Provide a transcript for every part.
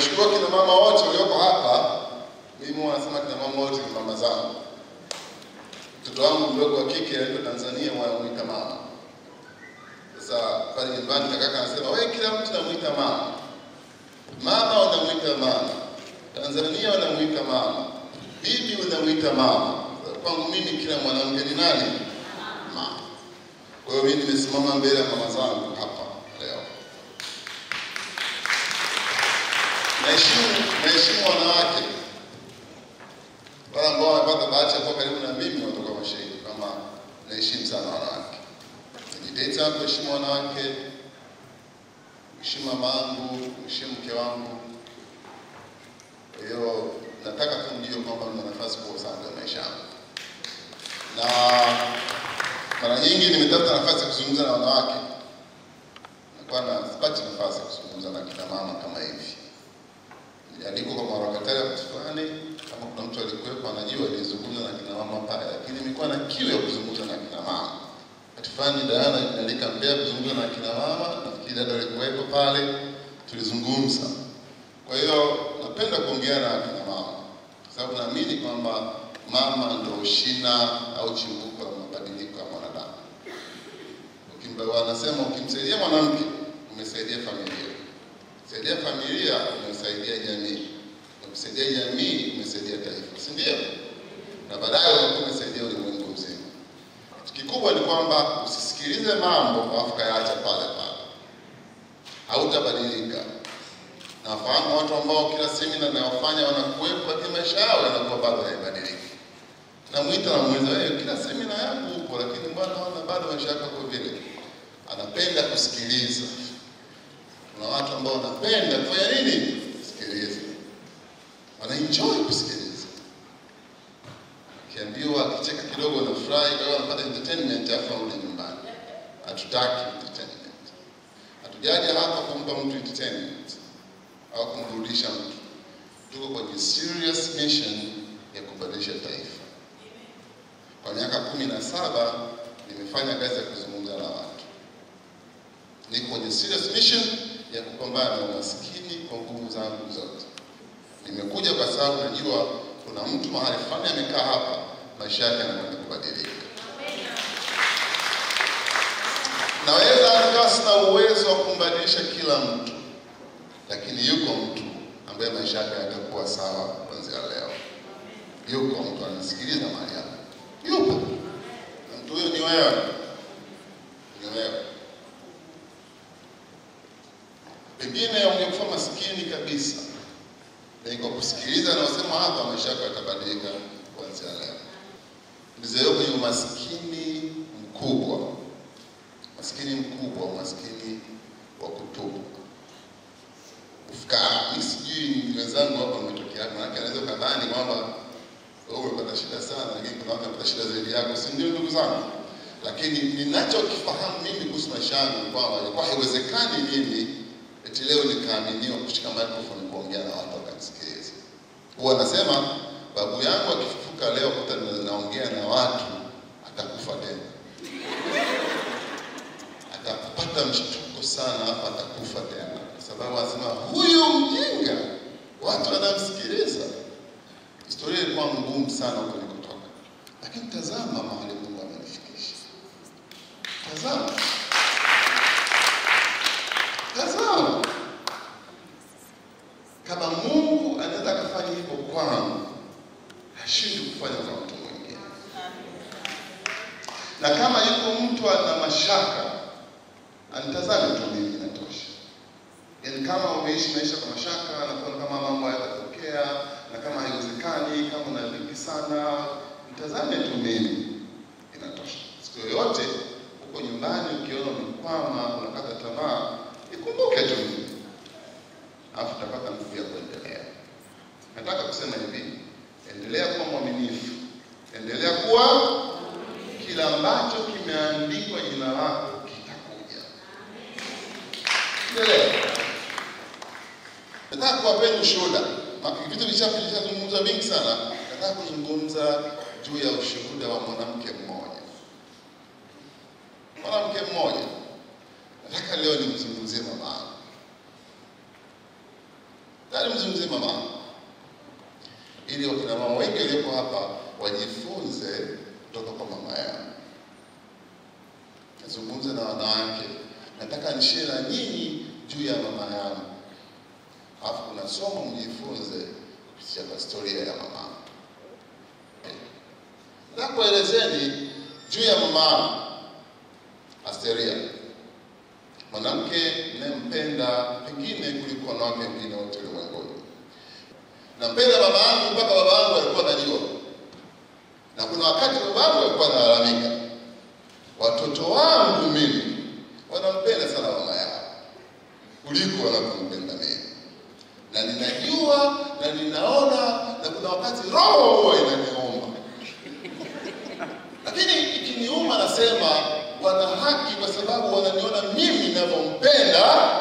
Niwashukuru kina mama wote walioko hapa. Mimi wanasema kina mama wote ni mama zangu. Mtoto wangu mdogo wa kike alipo Tanzania wanamwita mama. Sasa pale nyumbani kaka anasema wewe, kila mtu namwita mama, mama wanamwita mama, Tanzania wanamwita mama, bibi wanamwita mama. Kwangu mimi kila mwanamke ni nani? Mama. Kwa hiyo mimi nimesimama mbele ya mama zangu hapa naheshimu wanawake wale ambao wamepata bahati ya kuwa karibu na mimi watoka kama naheshimu sana wanawake, najitahidi kuheshimu wanawake, kuheshimu mama yangu, mke wangu. Kwa hiyo nataka tu kwamba nina nafasi kubwa sana maisha yangu, na mara nyingi nimetafuta nafasi ya kuzungumza na wanawake, nakuwa na sipati nafasi ya kuzungumza na kina mama kama hivi yandiko kwa mawakatari ya fulani, kama kuna mtu alikuwepo anajua, nilizungumza na kina mama pale, lakini nilikuwa na kiu ya kuzungumza na kina mama katifani daana alikambea kuzungumza na kina mama, nafikiri dada alikuwepo pale, tulizungumza. Kwa hiyo napenda kuongea na kina mama kwa sababu naamini kwamba mama ndo shina au chimbuko la mabadiliko ya mwanadamu. Wanasema ukimsaidia mwanamke umesaidia familia, saidia familia unaisaidia jamii, na kusaidia jamii umesaidia taifa, si ndio? Na baadaye umesaidia ulimwengu mzima. Kikubwa ni kwamba usisikilize mambo alafu kayaacha pale pale, hautabadilika. Nafahamu watu ambao kila semina nayofanya wanakuwepo, lakini maisha yao yanakuwa bado hayabadiliki. Namwita namuuliza, wewe, eh, kila semina yangu huko, lakini mbona naona bado maisha yako kwa vile? Anapenda kusikiliza. Kuna watu ambao wanapenda kufanya nini? enjoy kusikiliza. Akiambiwa akicheka kidogo anafurahi, kwa anapata entertainment, afu arudi nyumbani. Hatutaki entertainment. Hatujaja hapa kumpa mtu entertainment au kumrudisha mtu. Tuko kwenye serious mission ya kubadilisha taifa. Kwa miaka kumi na saba nimefanya kazi ya kuzungumza na watu, niko kwenye serious mission ya kupambana na umaskini kwa nguvu zangu zote. Nimekuja kwa sababu najua kuna mtu mahali fulani amekaa hapa, maisha yake yanakwenda kubadilika. Naweza nikawa sina uwezo wa kumbadilisha kila mtu, lakini yuko mtu ambaye maisha yake yatakuwa sawa kuanzia leo. Yuko mtu anasikiliza mahali hapa, yupo mtu huyo, ni wewe, ni wewe. Pengine ungekuwa maskini kabisa kwa kusikiliza anaosema hapa, maisha yako yatabadilika kuanzia leo. Mzee kwenye maskini mkubwa, maskini mkubwa, maskini wa kutubu kufika. Sijui wenzangu hapa wametokea, maanake anaweza kadhani kwamba wewe umepata shida sana, lakini kuna watu wamepata shida zaidi yako, si ndio, ndugu zangu? Lakini ninachokifahamu mimi kuhusu maisha yangu kwamba ilikuwa haiwezekani mimi eti leo nikaaminiwa kushika kufanikiwa kuongea na watu Huwa nasema babu yangu akifufuka leo kuta naongea na watu, atakufa tena, atapata mshtuko sana hapa, atakufa tena, kwa sababu anasema huyu mjinga watu wanamsikiliza. Historia ilikuwa ngumu sana umeme inatosha. Siku yoyote uko nyumbani ukiona umekwama, unakata tamaa, ikumbuke tu alafu utapata nguvu ya kuendelea. Nataka kusema hivi, endelea kuwa mwaminifu, endelea kuwa kila ambacho kimeandikwa jina lako kitakuja. Endelea. Nataka kuwapeni ushuhuda, vitu vishazungumzwa vingi sana, nataka kuzungumza juu ya ushuhuda wa mwanamke mmoja. Mwanamke mmoja, nataka leo nimzungumzie mama Nataka nimzungumzie mamangu ili wakina mama wengi walioko hapa wajifunze kutoka kwa mama yao. Nazungumza na wanawake, nataka nishie na nyinyi juu ya mama yangu, alafu kuna somo mjifunze kupitia historia ya mama kuelezeni juu ya mama Asteria, mwanamke ninayempenda pengine kuliko wanawake wengine wote ulimwenguni. Nampenda baba yangu mpaka baba yangu alikuwa anajua, na kuna wakati baba yangu alikuwa analalamika, watoto wangu mimi wanampenda sana mama yao kuliko wanavyompenda mimi, na ninajua na ninaona, na kuna wakati roho huwa wanasema wana haki kwa sababu wananiona mimi ninavyompenda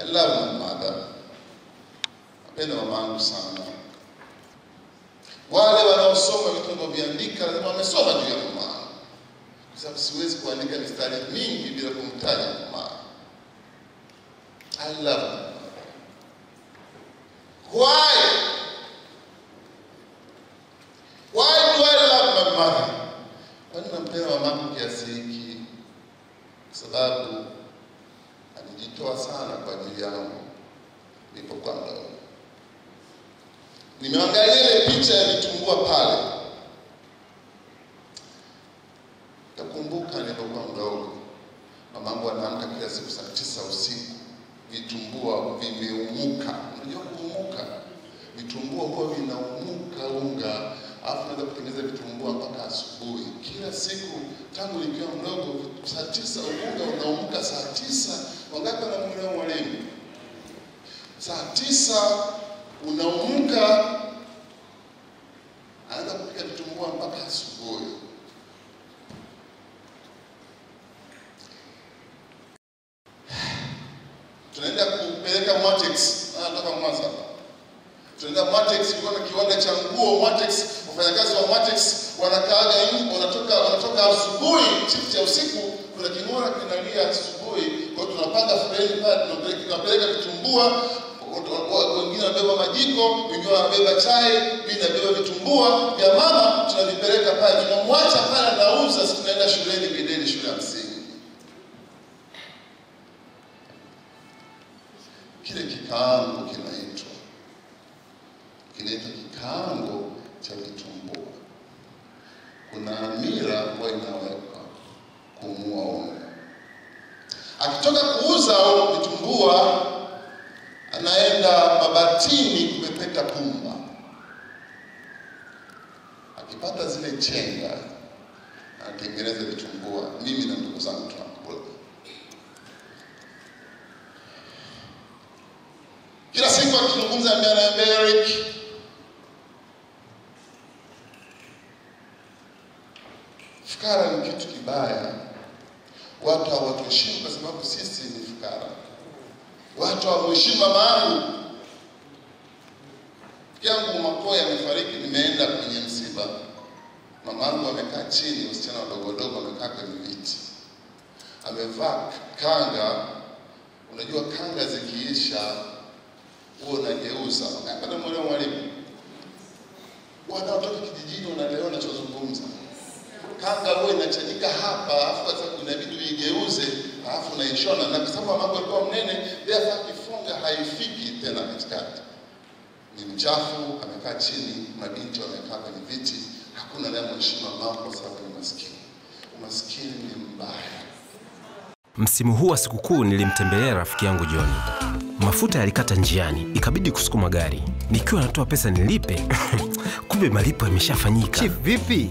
I love my sana. Wale wanaosoma vitabu vyaandika lazima wamesoma juu ya mama. Kwa sababu siwezi kuandika mistari mingi bila kumtaja mama. I Nakumbuka nilipokuwa mdogo, mamangu anaamka kila siku saa tisa usiku, vitumbua vimeumuka. Unajua kuumuka vitumbua huwa vinaumuka unga, alafu naweza kutengeneza vitumbua mpaka asubuhi kila siku tangu nikiwa mdogo. Saa tisa unga unaumuka saa tisa. Wangapi wanamwelewa mwalimu? Saa tisa unaumuka wafanyakazi wa matrix wanakaaga nje, wanatoka wanatoka asubuhi, shift ya usiku, kuna king'ora kinalia asubuhi. Kwa tunapanga foleni pale, tunapeleka vitumbua, wengine wanabeba majiko, wengine wanabeba chai, mimi nabeba vitumbua vya mama, tunavipeleka pale, tunamwacha pale anauza, sisi tunaenda shuleni Bideni, shule ya msingi. Kile kikaango kinaitwa kinaitwa kikaango cha vitumbua kuna mira ambayo inawekwa kumua ume. Akitoka kuuza vitumbua, anaenda mabatini kumepeta pumba, akipata zile chenga anatengeneza vitumbua. Mimi na ndugu zangu tunakula kila siku, akizungumza ananiambia Eric, Fukara ni kitu kibaya, watu hawatuheshimu kwa sababu sisi ni fukara, watu hawamuheshimu mamaangu. Yangu Makoya amefariki, nimeenda kwenye msiba, mama mamaangu amekaa chini, wasichana wadogo wadogo amekaa kwenye viti, amevaa kanga. Unajua kanga zikiisha huo unageuza, akaenda mwalimu, wanaotoka kijijini wanaelewa nachozungumza kanga huwa inachajika hapa, alafu inabidi uigeuze, alafu unaishona, na kwa sababu mambo alikuwa mnene, therefore kifunga haifiki tena katikati. Ni mchafu, amekaa chini, mabinti wamekaa kwenye viti, hakuna anayemheshimu mama kwa sababu ni maskini. Umaskini ni mbaya. Msimu huu wa sikukuu nilimtembelea rafiki yangu Joni. Mafuta yalikata njiani, ikabidi kusukuma gari. Nikiwa natoa pesa nilipe, kumbe malipo yameshafanyika. Chief, vipi?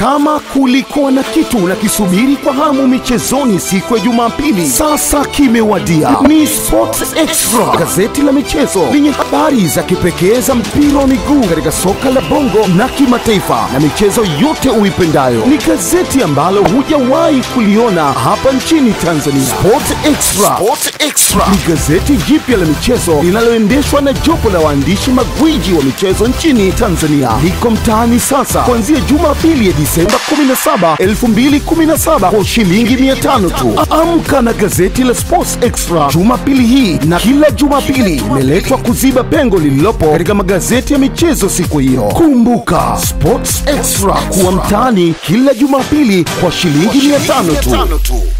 kama kulikuwa na kitu kisubiri kwa hamu michezoni siku ya Jumapili, sasa kimewadia. Ni Sports Extra, gazeti la michezo lenye habari za kipekee za mpira wa miguu katika soka la bongo na kimataifa na michezo yote uipendayo. Ni gazeti ambalo hujawahi kuliona hapa nchini Tanzania. Sports Extra, Sports Extra. Extra ni gazeti jipya la michezo linaloendeshwa na jopo la waandishi magwiji wa michezo nchini Tanzania. Liko mtaani sasa kuanzia Jumapili ya Disemba 17, 2017 kwa shilingi 500 tu. Amka na gazeti la Sports Extra Jumapili hii na kila Jumapili, imeletwa kuziba pengo lililopo katika magazeti ya michezo siku hiyo. Kumbuka Sports Extra kuwa mtaani kila Jumapili kwa shilingi 500 tu.